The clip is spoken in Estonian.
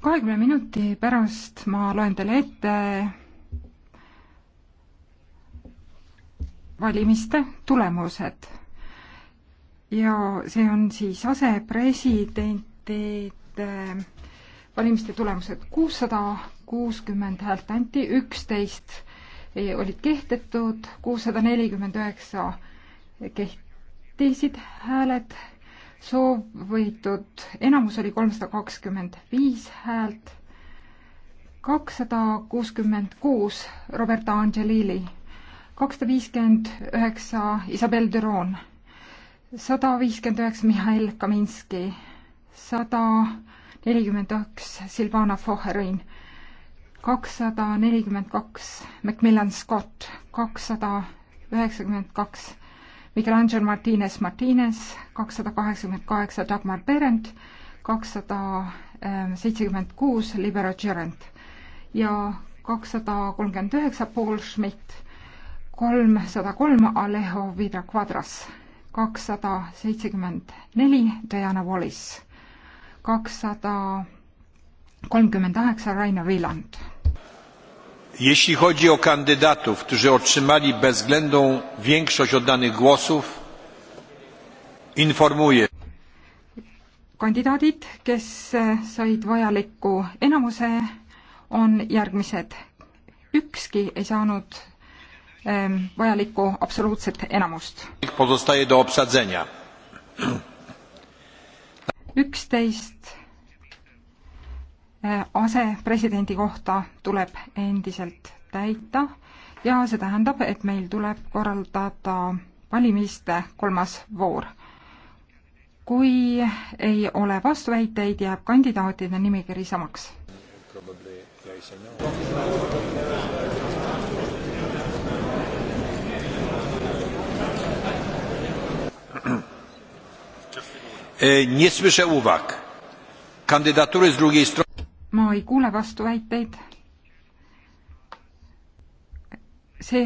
kahekümne minuti pärast ma loen teile ette valimiste tulemused. ja see on siis asepresidentide valimiste tulemused. kuussada kuuskümmend häält anti, üksteist olid kehtetud, kuussada nelikümmend üheksa kehtisid hääled soov võitud enamus oli kolmsada kakskümmend viis häält, kakssada kuuskümmend kuus Roberta Angelili, kakssada viiskümmend üheksa Isabel Düron, sada viiskümmend üheksa Mihhail Kaminski, sada nelikümmend üks Silvana Foherin, kakssada nelikümmend kaks Macmillan Scott, kakssada üheksakümmend kaks Michelangel Martinez Martinez, kakssada kaheksakümmend kaheksa Dagmar Berend, kakssada seitsekümmend kuus Libero Gerent ja kakssada kolmkümmend üheksa Paul Schmidt, kolmsada kolm Alejo Vida Quadras, kakssada seitsekümmend neli Diana Wallis, kakssada kolmkümmend üheksa Raino Viljand Jeśli chodzi o kandydatów, którzy otrzymali bezwzględną większość oddanych głosów, informuję. kandidaadid, kes e, said vajaliku enamuse, on järgmised. ükski ei saanud ähm, vajalikku absoluutset enamust. üksteist asepresidendi kohta tuleb endiselt täita ja see tähendab, et meil tuleb korraldada valimiste kolmas voor. kui ei ole vastuväiteid, jääb kandidaatide nimekiri samaks. E, nie słyszę uwag. Kandydatury z drugiej strony ma ei kuule vastuväiteid. see